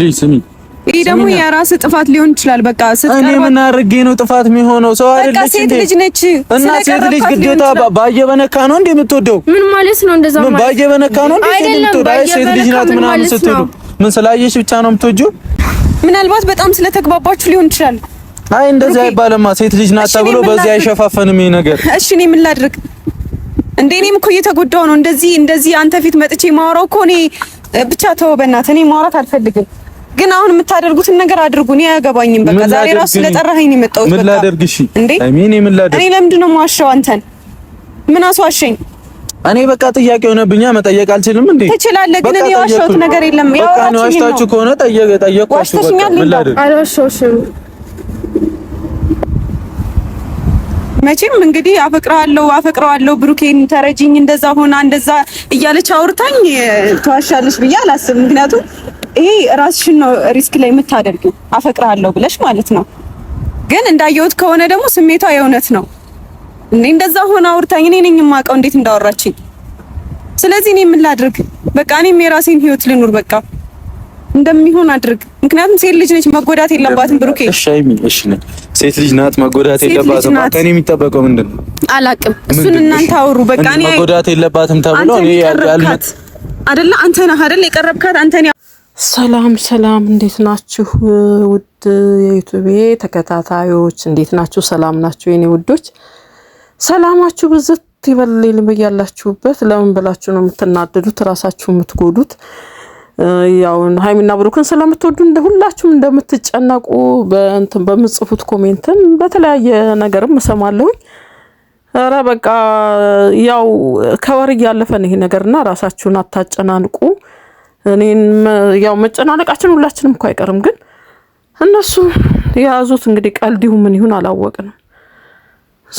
ልጅ ስሚ፣ ይሄ ደግሞ የራስ ጥፋት ሊሆን ይችላል። በቃ እኔ ምን አድርጌ ነው ጥፋት የሚሆነው? ሰው አይደለች፣ ሴት ልጅ ነች። እና ሴት ልጅ ግዴታ ባየ በነካ ነው እንዴ የምትወደው? ምን ማለት ነው? እንደዛ ማለት ባየ በነካ ነው እንዴ የምትወደው? አይ ሴት ልጅ ናት ምናምን ስትሉ ምን ስላየሽ ብቻ ነው የምትወጂው? ምናልባት በጣም ስለተግባባችሁ ሊሆን ይችላል። አይ እንደዚህ አይባልማ። ሴት ልጅ ናት ተብሎ በዚህ አይሸፋፈንም ይሄ ነገር። እሺ እኔ ምን ላድርግ እንዴ? እኔም እኮ እየተጎዳሁ ነው። እንደዚህ እንደዚህ አንተ ፊት መጥቼ ማወራው እኮ እኔ ብቻ ተው በእናትህ። እኔ ማውራት አልፈልግም፣ ግን አሁን የምታደርጉትን ነገር አድርጉ። እኔ አያገባኝም። በቃ ዛሬ ራሱ ስለጠራኸኝ ነው የመጣሁት። ምን ላደርግ? እሺ እንዴ እኔ ምን ላደርግ? እኔ ለምንድን ነው የማዋሸው? አንተን ምን አስዋሸኝ? እኔ በቃ ጥያቄ ሆነብኛ መጠየቅ አልችልም እንዴ? ትችላለህ፣ ግን እኔ የዋሸሁት ነገር የለም። ያወራችሁ ነው። ዋሽታችሁ ከሆነ ጠየቅ ጠየቅ። ዋሽተሽኛል። ምን ላደርግ? አልዋሸሁሽም መቼም እንግዲህ አፈቅረዋለሁ አፈቅረዋለሁ ብሩኬን ተረጅኝ እንደዛ ሆና እንደዛ እያለች አውርታኝ ትዋሻለች ብዬ አላስብም። ምክንያቱም ይሄ ራስሽን ነው ሪስክ ላይ የምታደርጊው አፈቅረዋለሁ ብለሽ ማለት ነው። ግን እንዳየሁት ከሆነ ደግሞ ስሜቷ የእውነት ነው። እኔ እንደዛ ሆና አውርታኝ እኔ ነኝ የማውቀው እንዴት እንዳወራችኝ። ስለዚህ እኔ ምን ላድርግ? በቃ እኔም የራሴን ህይወት ልኑር በቃ እንደሚሆን አድርግ። ምክንያቱም ሴት ልጅ ነች መጎዳት የለባትም ብሩኬ። እሺ እሺ ሴት ልጅ ናት፣ መጎዳት የለባትም። ከኔ የሚጠበቀው ምንድን ነው እሱን እናንተ አውሩ። በቃ እኔ መጎዳት የለባትም ተብሎ እኔ ያልከት አይደለ? አንተ ነህ አይደል የቀረብካት አንተ ነህ። ሰላም ሰላም፣ እንዴት ናችሁ ውድ የዩቲዩብ ተከታታዮች? እንዴት ናችሁ? ሰላም ናችሁ የኔ ውዶች? ሰላማችሁ ብዝት ይበልልኝ በያላችሁበት። ለምን ብላችሁ ነው የምትናደዱት? ራሳችሁ የምትጎዱት ያው ሀይሚና ብሩክን ስለምትወዱ እንደ ሁላችሁም እንደምትጨነቁ በምጽፉት ኮሜንትም በተለያየ ነገርም እሰማለሁኝ። ኧረ በቃ ያው ከወር እያለፈን ይሄ ነገርና ራሳችሁን አታጨናንቁ። እኔን ያው መጨናነቃችን ሁላችንም እኮ አይቀርም፣ ግን እነሱ የያዙት እንግዲህ ቀልዲሁ ምን ይሁን አላወቅንም።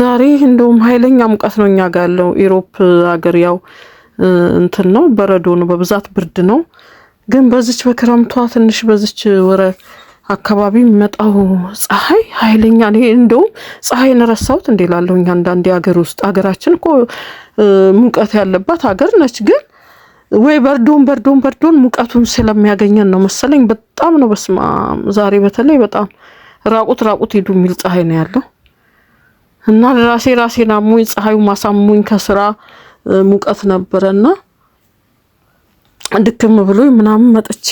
ዛሬ እንደውም ኃይለኛ ሙቀት ነው እኛ ጋር ያለው። ኢሮፕ ሀገር ያው እንትን ነው፣ በረዶ ነው፣ በብዛት ብርድ ነው። ግን በዚች በክረምቷ ትንሽ በዚች ወረ አካባቢ የሚመጣው ፀሐይ ኃይለኛ እንደውም ፀሐይን ረሳሁት እንዴ ላለሁኝ አንዳንድ ሀገር ውስጥ ሀገራችን እኮ ሙቀት ያለባት ሀገር ነች ግን ወይ በርዶን በርዶን በርዶን ሙቀቱን ስለሚያገኘን ነው መሰለኝ። በጣም ነው በስማ ዛሬ በተለይ በጣም ራቁት ራቁት ሄዱ የሚል ፀሐይ ነው ያለው እና ራሴ ራሴን አሞኝ ፀሐዩ ማሳሙኝ ከስራ ሙቀት ነበረና ድክም ብሎ ምናምን መጥቼ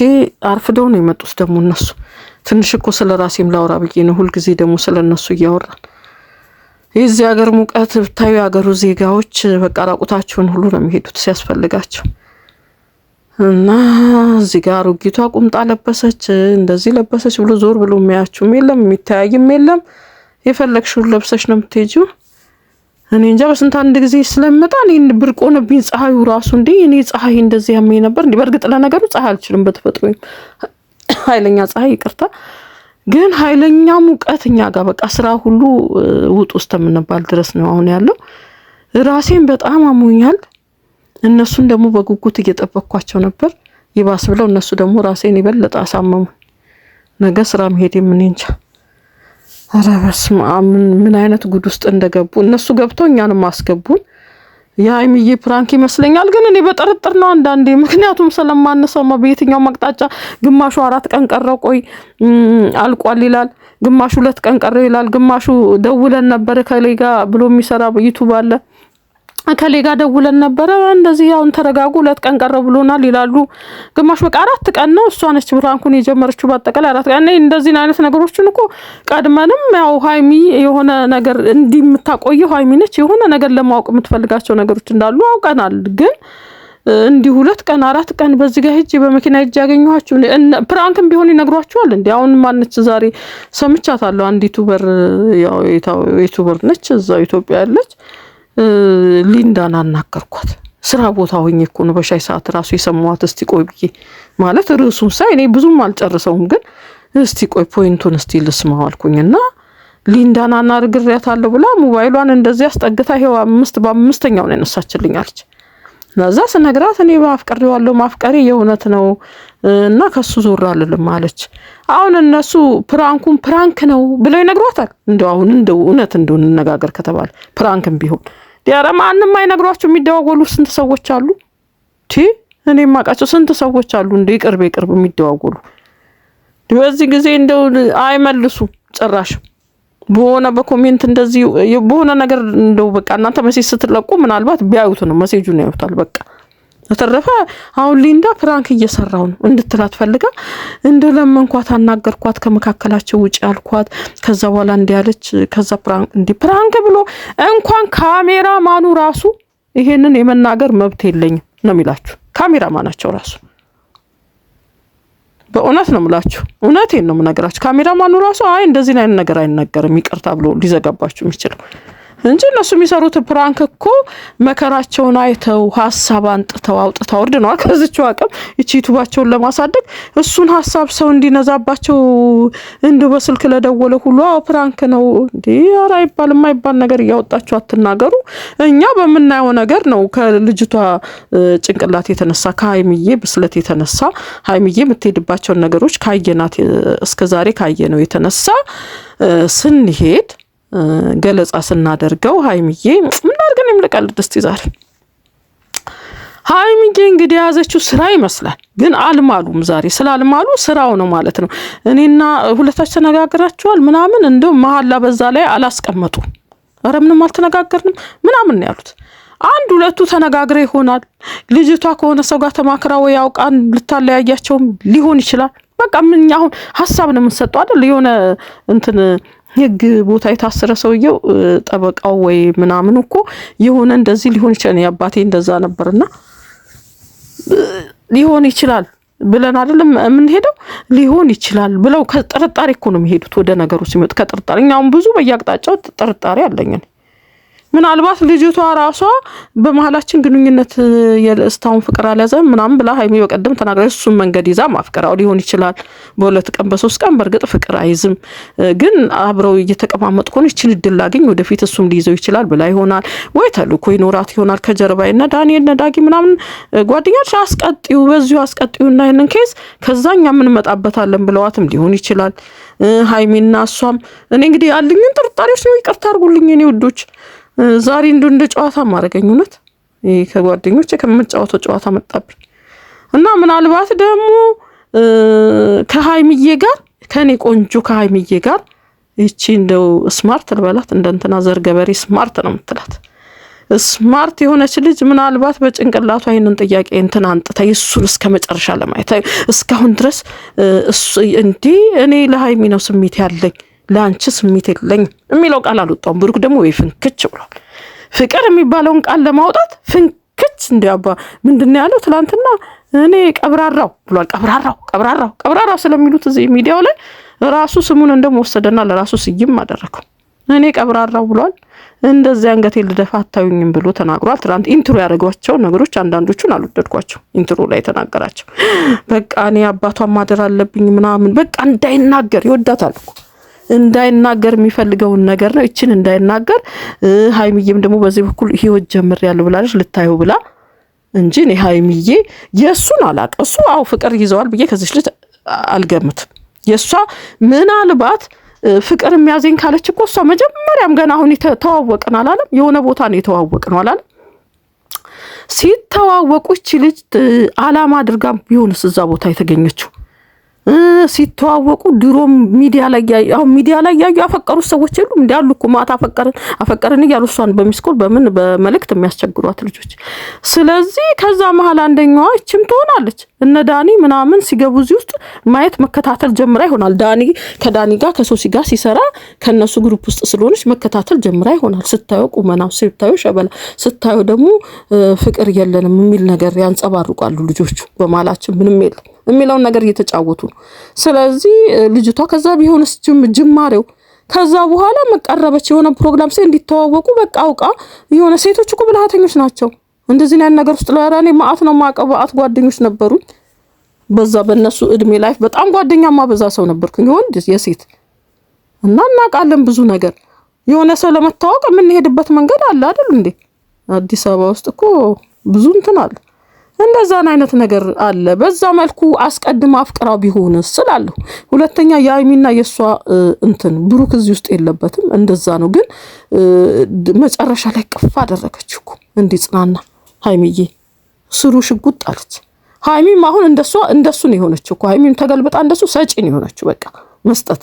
አርፍደው ነው የመጡት። ደግሞ እነሱ ትንሽ እኮ ስለ ራሴም ላውራ ብዬ ነው። ሁልጊዜ ደግሞ ስለ እነሱ እያወራን የዚህ ሀገር ሙቀት ብታዩ የሀገሩ ዜጋዎች በቃ ራቁታቸውን ሁሉ ነው የሚሄዱት ሲያስፈልጋቸው እና እዚህ ጋር አሮጊቷ ቁምጣ ለበሰች፣ እንደዚህ ለበሰች ብሎ ዞር ብሎ የሚያችሁም የለም የሚተያይም የለም። የፈለግሽውን ለብሰሽ ነው የምትሄጂው። እኔ እንጃ በስንት አንድ ጊዜ ስለምመጣ እኔ ብርቅ ሆነብኝ ፀሐዩ ራሱ እንዴ እኔ ፀሐይ እንደዚህ ያመኝ ነበር እንዴ በእርግጥ ለነገሩ ፀሐይ አልችልም በተፈጥሮ ኃይለኛ ፀሐይ ይቅርታ ግን ኃይለኛ ሙቀት እኛ ጋር በቃ ስራ ሁሉ ውጥ ውስጥ የምንባል ድረስ ነው አሁን ያለው ራሴን በጣም አሞኛል እነሱን ደግሞ በጉጉት እየጠበቅኳቸው ነበር ይባስ ብለው እነሱ ደግሞ ራሴን የበለጠ አሳመሙ ነገ ስራ መሄድ የምን እንጃ ኧረ በስመ አብ ምን አይነት ጉድ ውስጥ እንደገቡ እነሱ ገብተው እኛንም አስገቡን። የሀይሚዬ ፕራንክ ይመስለኛል፣ ግን እኔ በጥርጥር ነው አንዳንዴ። ምክንያቱም ስለማንሰማ በየትኛው መቅጣጫ ግማሹ አራት ቀን ቀረው ቆይ አልቋል ይላል፣ ግማሹ ሁለት ቀን ቀረው ይላል፣ ግማሹ ደውለን ነበር ከሌጋ ብሎ የሚሰራ ዩቱብ አለ ከሌ ጋር ደውለን ነበረ እንደዚህ ያውን ተረጋጉ፣ ሁለት ቀን ቀረ ብሎናል ይላሉ። ግማሽ በቃ አራት ቀን ነው እሷ ነች ብራንኩን የጀመረችው። በአጠቃላይ አራት ቀን እንደዚህን አይነት ነገሮችን እኮ ቀድመንም ያው ሀይሚ የሆነ ነገር እንዲህ የምታቆየው ሀይሚ ነች። የሆነ ነገር ለማወቅ የምትፈልጋቸው ነገሮች እንዳሉ አውቀናል ግን እንዲህ ሁለት ቀን አራት ቀን በዚህ ጋር ሂጅ በመኪና ሂጅ ያገኘኋችሁ ፕራንክም ቢሆን ይነግሯችኋል። እንዲ አሁን ማነች ዛሬ ሰምቻታለሁ። አንድ ዩቱበር ያው ዩቱበር ነች እዛው ኢትዮጵያ ያለች ሊንዳን አናገርኳት። ስራ ቦታ ሆኜ እኮ ነው በሻይ ሰዓት ራሱ የሰማዋት። እስቲ ቆይ ብዬ ማለት ርዕሱን ሳይ እኔ ብዙም አልጨርሰውም፣ ግን እስቲ ቆይ ፖይንቱን እስቲ ልስማው አልኩኝ እና ሊንዳን አናግሬያታለሁ ብላ ሞባይሏን እንደዚህ አስጠግታ ይኸው አምስት በአምስተኛው ነው ያነሳችልኝ አለች። እዛ ስነግራት እኔ አፍቅሬዋለሁ ማፍቀሪ የእውነት ነው እና ከሱ ዞር አልልም አለች። አሁን እነሱ ፕራንኩን ፕራንክ ነው ብለው ይነግሯታል። እንደው አሁን እንደው እውነት እንደው እንነጋገር ከተባለ ፕራንክም ቢሆን ዲያረ ማንም አይነግሯቸው የሚደዋወሉ ስንት ሰዎች አሉ። ቲ እኔ ማቃቸው ስንት ሰዎች አሉ እንደ ቅርብ ቅርብ የሚደዋወሉ። በዚህ ጊዜ እንደው አይመልሱ ጭራሽም በሆነ በኮሜንት እንደዚህ በሆነ ነገር እንደው በቃ እናንተ መሴጅ ስትለቁ ምናልባት ቢያዩት ነው መሴጁን ያዩታል። በቃ በተረፈ አሁን ሊንዳ ፕራንክ እየሰራው ነው እንድትላት ፈልጋ እንደ ለመንኳት አናገርኳት፣ ከመካከላቸው ውጭ አልኳት። ከዛ በኋላ እንዲያለች ከዛ ፕራንክ እንዲ ፕራንክ ብሎ እንኳን ካሜራ ማኑ ራሱ ይሄንን የመናገር መብት የለኝም ነው የሚላችሁ ካሜራ ማናቸው ራሱ በእውነት ነው ምላችሁ፣ እውነቴን ነው የምነግራችሁ። ካሜራማኑ ራሱ አይ እንደዚህ አይነት ነገር አይነገርም ይቅርታ ብሎ ሊዘጋባችሁ የሚችለው እንጂ እነሱ የሚሰሩት ፕራንክ እኮ መከራቸውን አይተው ሀሳብ አንጥተው አውጥተው ወርድነዋል። ከዚችው አቅም ይቺ ዩቱባቸውን ለማሳደግ እሱን ሀሳብ ሰው እንዲነዛባቸው እንደ በስልክ ለደወለ ሁሉ አዎ ፕራንክ ነው እንዲህ ኧረ አይባልም አይባል ነገር እያወጣችሁ አትናገሩ። እኛ በምናየው ነገር ነው ከልጅቷ ጭንቅላት የተነሳ ከሀይምዬ ብስለት የተነሳ ሀይምዬ የምትሄድባቸውን ነገሮች ካየናት እስከዛሬ ካየነው የተነሳ ስንሄድ ገለጻ ስናደርገው ሀይሚዬ ምን አድርገን ድስት ዛሬ ሀይሚዬ እንግዲህ የያዘችው ስራ ይመስላል፣ ግን አልማሉም። ዛሬ ስላልማሉ ስራው ነው ማለት ነው። እኔና ሁለታች ተነጋግራችኋል ምናምን እንደ መሀላ በዛ ላይ አላስቀመጡም። ኧረ ምንም አልተነጋገርንም ምናምን ነው ያሉት። አንድ ሁለቱ ተነጋግረ ይሆናል። ልጅቷ ከሆነ ሰው ጋር ተማክራ ወይ አውቃን ልታለያያቸውም ሊሆን ይችላል። በቃ ምን አሁን ሀሳብ ነው የምንሰጠው አይደል? የሆነ እንትን ህግ ቦታ የታሰረ ሰውየው ጠበቃው ወይ ምናምን እኮ የሆነ እንደዚህ ሊሆን ይችላል። የአባቴ እንደዛ ነበርና ሊሆን ይችላል ብለን አይደለም የምንሄደው። ሊሆን ይችላል ብለው ከጥርጣሬ እኮ ነው የሚሄዱት ወደ ነገሩ ሲመጡ ከጥርጣሬ። እኛም ብዙ በየአቅጣጫው ጥርጣሬ አለኝን ምናልባት ልጅቷ ራሷ በመሀላችን ግንኙነት የልእስታውን ፍቅር አልያዘም ምናምን ብላ ሀይሚ በቀደም ተናግራ እሱን መንገድ ይዛ ማፍቀራው ሊሆን ይችላል። በሁለት ቀን በሶስት ቀን በእርግጥ ፍቅር አይዝም፣ ግን አብረው እየተቀማመጡ ከሆነ ይችን እድል ላገኝ ወደፊት እሱም ሊይዘው ይችላል ብላ ይሆናል ወይ ተልኮ ይኖራት ይሆናል። ከጀርባ እነ ዳንኤል ነዳጊ ምናምን ጓደኛች አስቀጢው በዚሁ እና ይህንን ኬዝ ከዛ እኛ የምንመጣበታለን ብለዋትም ሊሆን ይችላል። ሀይሚና እሷም እኔ እንግዲህ አልኝን ጥርጣሬዎች ነው። ይቅርታ አርጉልኝ እኔ ውዶች። ዛሬ እንደ እንደ ጨዋታ ማድረገኝ እውነት ከጓደኞቼ ከምጫወተው ጨዋታ መጣብኝ እና ምናልባት ደግሞ ከሀይምዬ ጋር ከኔ ቆንጆ ከሀይምዬ ጋር ይቺ እንደው ስማርት ልበላት እንደ እንትና ዘርገበሬ ስማርት ነው የምትላት ስማርት የሆነች ልጅ ምናልባት በጭንቅላቷ ይህንን ጥያቄ እንትን አንጥታ እሱን እስከ መጨረሻ ለማየት እስካሁን ድረስ እንዲህ እኔ ለሀይሚ ነው ስሜት ያለኝ ለአንቺ ስሜት የለኝ የሚለው ቃል አልወጣውም። ብሩክ ደግሞ ወይ ፍንክች ብሏል። ፍቅር የሚባለውን ቃል ለማውጣት ፍንክች እንዲያባ ምንድን ያለው? ትላንትና እኔ ቀብራራው ብሏል። ቀብራራው ቀብራራው ቀብራራው ስለሚሉት እዚህ ሚዲያው ላይ ራሱ ስሙን እንደመወሰደና ለራሱ ስይም አደረገው። እኔ ቀብራራው ብሏል። እንደዚህ አንገቴ ልደፋ አታዩኝም ብሎ ተናግሯል። ትናንት ኢንትሮ ያደረጓቸው ነገሮች አንዳንዶቹን አልወደድኳቸው። ኢንትሮ ላይ የተናገራቸው በቃ እኔ አባቷ ማደር አለብኝ ምናምን በቃ እንዳይናገር ይወዳታል እኮ እንዳይናገር የሚፈልገውን ነገር ነው። ይችን እንዳይናገር ሀይሚዬም ደግሞ በዚህ በኩል ህይወት ጀምር ያለው ብላለች ልታየው ብላ እንጂ እኔ ሀይሚዬ የእሱን አላውቅም። እሱ አው ፍቅር ይዘዋል ብዬ ከዚች ልጅ አልገምትም። የእሷ ምናልባት ፍቅር የሚያዘኝ ካለች እኮ እሷ መጀመሪያም ገና አሁን ተዋወቅን አላለም፣ የሆነ ቦታ ነው የተዋወቅ ነው አላለም። ሲተዋወቁች ልጅ አላማ አድርጋ ቢሆንስ እዛ ቦታ የተገኘችው ሲተዋወቁ ድሮም ሚዲያ ላይ ያዩ አሁን ሚዲያ ላይ ያዩ ያፈቀሩት ሰዎች የሉም። እንዲ ያሉ እኮ ማታ አፈቀርን አፈቀርን እያሉ እሷን በሚስኮል በምን በመልእክት የሚያስቸግሯት ልጆች። ስለዚህ ከዛ መሀል አንደኛዋ ይችም ትሆናለች። እነ ዳኒ ምናምን ሲገቡ እዚህ ውስጥ ማየት መከታተል ጀምራ ይሆናል። ዳኒ ከዳኒ ጋር ከሶሲ ጋር ሲሰራ ከእነሱ ግሩፕ ውስጥ ስለሆነች መከታተል ጀምራ ይሆናል። ስታየው ቁመናው፣ ስታየው ሸበላ፣ ስታየው ደግሞ ፍቅር የለንም የሚል ነገር ያንጸባርቃሉ ልጆቹ። በማላችን ምንም የለም የሚለውን ነገር እየተጫወቱ ነው። ስለዚህ ልጅቷ ከዛ ቢሆን ቢሆንስ ጅማሬው ከዛ በኋላ መቀረበች የሆነ ፕሮግራም ሴ እንዲተዋወቁ በቃ አውቃ የሆነ ሴቶች እኮ ብልሃተኞች ናቸው። እንደዚህ ያን ነገር ውስጥ ለራኔ ማአት ነው ማቀብ ማአት ጓደኞች ነበሩኝ። በዛ በእነሱ እድሜ ላይፍ በጣም ጓደኛ ማበዛ ሰው ነበርኩኝ የወንድ የሴት እና እናውቃለን ብዙ ነገር። የሆነ ሰው ለመታወቅ የምንሄድበት መንገድ አለ አይደል እንዴ? አዲስ አበባ ውስጥ እኮ ብዙ እንትን አለ። እንደዛን አይነት ነገር አለ። በዛ መልኩ አስቀድማ አፍቅራ ቢሆን ስላለሁ። ሁለተኛ የአይሚና የእሷ እንትን ብሩክ እዚህ ውስጥ የለበትም። እንደዛ ነው፣ ግን መጨረሻ ላይ ቅፍ አደረገችው እኮ እንዲጽናና ሀይሚዬ ስሩ ሽጉጥ አለች። ሀይሚም አሁን እንደሷ እንደሱ ነው የሆነችው እኮ ሀይሚም ተገልብጣ እንደሱ ሰጪ ነው የሆነችው። በቃ መስጠት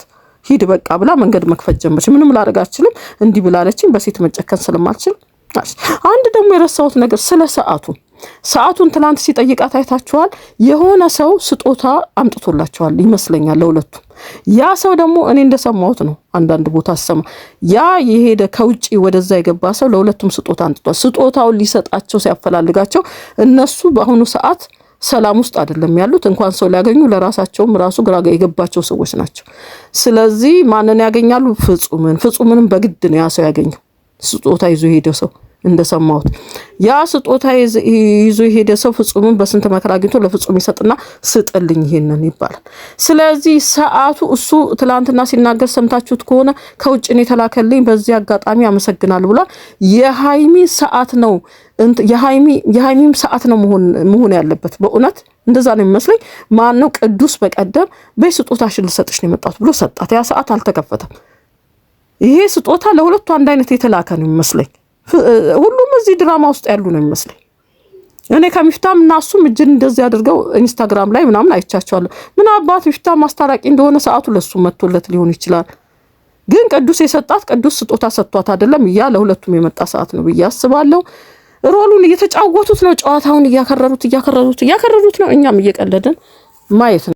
ሂድ በቃ ብላ መንገድ መክፈት ጀመረች። ምንም ላደርግ አልችልም እንዲህ ብላለችኝ፣ በሴት መጨከን ስለማልችል። አንድ ደግሞ የረሳሁት ነገር ስለ ሰዓቱ ሰዓቱን ትናንት ሲጠይቃት አይታችኋል። የሆነ ሰው ስጦታ አምጥቶላቸዋል ይመስለኛል ለሁለቱም። ያ ሰው ደግሞ እኔ እንደሰማሁት ነው፣ አንዳንድ ቦታ ሰማ ያ የሄደ ከውጭ ወደዛ የገባ ሰው ለሁለቱም ስጦታ አምጥቷል። ስጦታውን ሊሰጣቸው ሲያፈላልጋቸው እነሱ በአሁኑ ሰዓት ሰላም ውስጥ አይደለም ያሉት። እንኳን ሰው ሊያገኙ ለራሳቸውም ራሱ ግራ የገባቸው ሰዎች ናቸው። ስለዚህ ማንን ያገኛሉ? ፍጹምን። ፍጹምንም በግድ ነው ያ ሰው ያገኘው ስጦታ ይዞ የሄደ ሰው እንደሰማሁት ያ ስጦታ ይዞ የሄደ ሰው ፍጹምን በስንት መከራ አግኝቶ ለፍጹም ይሰጥና ስጥልኝ ይሄንን ይባላል። ስለዚህ ሰዓቱ እሱ ትላንትና ሲናገር ሰምታችሁት ከሆነ ከውጭ ነው የተላከልኝ፣ በዚህ አጋጣሚ አመሰግናል ብሏል። የሀይሚ ሰዓት ነው የሀይሚም ሰዓት ነው መሆን ያለበት። በእውነት እንደዛ ነው የሚመስለኝ። ማነው ቅዱስ በቀደም በይ ስጦታሽን ልሰጥሽ ነው የመጣሁት ብሎ ሰጣት። ያ ሰዓት አልተከፈተም። ይሄ ስጦታ ለሁለቱ አንድ አይነት የተላከ ነው የሚመስለኝ። ሁሉም እዚህ ድራማ ውስጥ ያሉ ነው የሚመስለኝ። እኔ ከሚፍታም እና እሱም እጅን እንደዚህ አድርገው ኢንስታግራም ላይ ምናምን አይቻቸዋለሁ። ምን አባት ሚፍታም ማስታራቂ እንደሆነ ሰዓቱ ለሱ መጥቶለት ሊሆን ይችላል። ግን ቅዱስ የሰጣት ቅዱስ ስጦታ ሰጥቷት አይደለም እያ ለሁለቱም የመጣ ሰዓት ነው ብዬ አስባለሁ። ሮሉን እየተጫወቱት ነው፣ ጨዋታውን እያከረሩት እያከረሩት እያከረሩት ነው። እኛም እየቀለድን ማየት ነው።